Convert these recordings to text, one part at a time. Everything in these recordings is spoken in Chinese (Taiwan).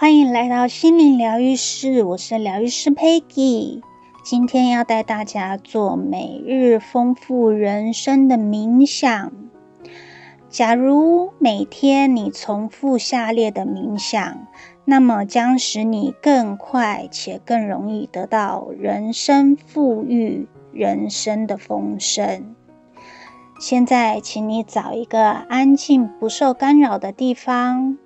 歡迎來到心靈療癒室，我是療癒師 Peggy。今天要帶大家做每日豐富人生的冥想。假如每天你重複下列的冥想，那麼將使你更快且更容易得到人生富裕、人生的豐盛。現在，請你找一個安靜、不受干擾的地方。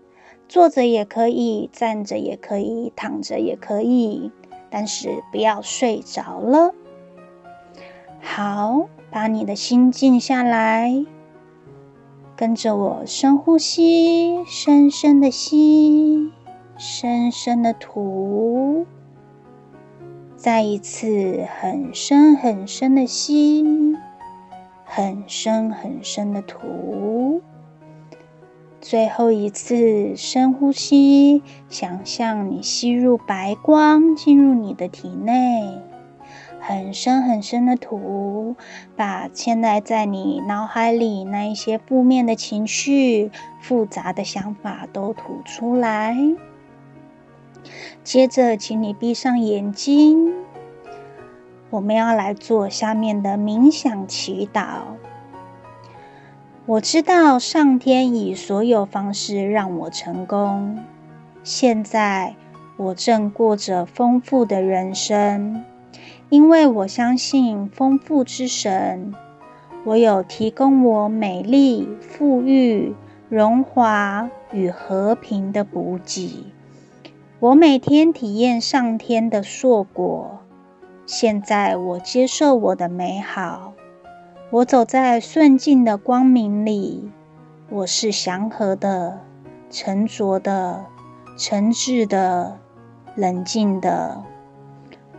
坐着也可以，站着也可以，躺着也可以，但是不要睡着了。好，把你的心靜下來，跟着我深呼吸，深深的吸，深深的吐，再一次，很深很深的吸，很深很深的吐。很深很深的吐。最後一次深呼吸，想象你吸入白光進入你的體內，很深很深的吐，把現在在你腦海裡那一些負面的情緒、複雜的想法都吐出來。接着，請你閉上眼睛，我們要來做下面的冥想祈禱。我知道上天以所有方式讓我成功。現在我正過着豐富的人生，因為我相信豐富之神。我有提供我美麗、富裕、榮華與和平的補給。我每天體驗上天的碩果。現在我接受我的美好。我走在順境的光明裡，我是祥和的、沉着的、誠摯的、冷靜的。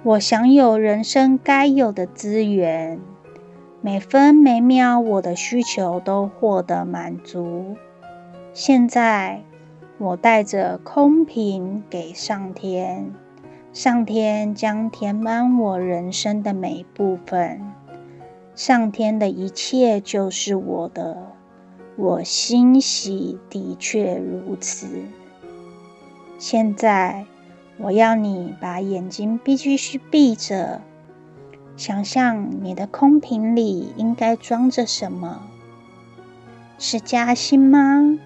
我享有人生該有的資源，每分每秒，我的需求都獲得滿足。現在，我帶着空瓶給上天，上天將填滿我人生的每一部分。上天的一切就是我的，我欣喜的確如此。現在，我要你把眼睛必須是閉着，想象你的空瓶裡應該裝着什麼？是加薪嗎？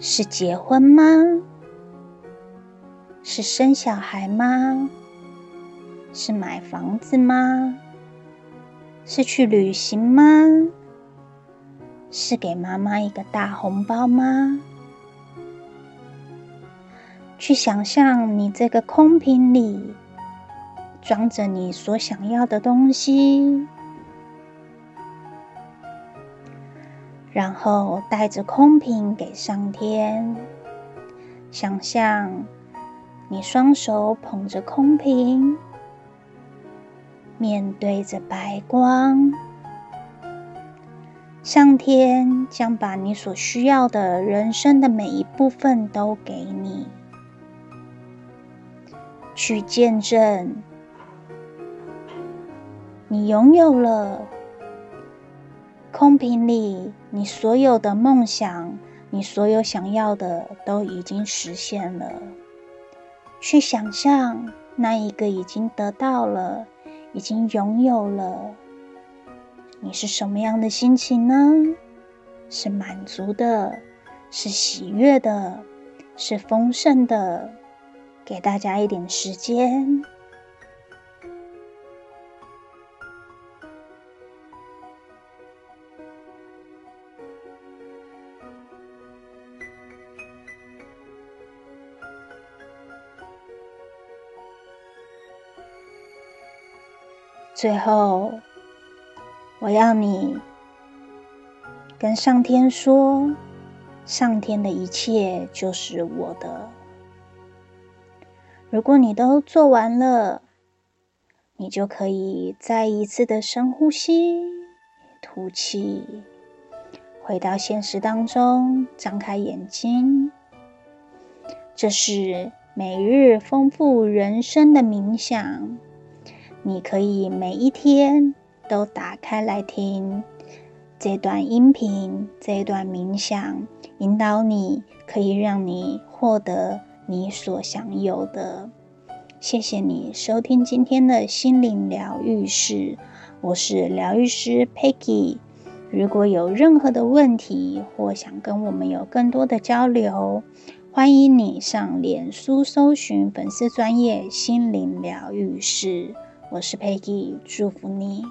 是結婚嗎？是生小孩嗎？是買房子嗎？是去旅行嗎？是給媽媽一個大紅包嗎？去想象你這個空瓶裡裝着你所想要的東西，然後帶着空瓶給上天。想象你雙手捧着空瓶。面對着白光，上天將把你所需要的人生的每一部分都給你去見證。你擁有了空瓶裡你所有的夢想，你所有想要的都已經實現了。去想象那一個已經得到了。已經擁有了，你是什麼樣的心情呢？是滿足的，是喜悅的，是豐盛的。給大家一點時間。最後，我要你跟上天說：“上天的一切就是我的。”如果你都做完了，你就可以再一次的深呼吸、吐氣，回到現實當中，張開眼睛。這是每日豐富人生的冥想。你可以每一天都打開來聽這段音頻，這段冥想引導你，可以讓你獲得你所想有的。謝謝你收聽今天的心靈療癒室，我是療癒師 Peggy。如果有任何的問題或想跟我們有更多的交流，歡迎你上臉書搜尋“粉絲專業心靈療癒師”。我是佩吉，祝福你。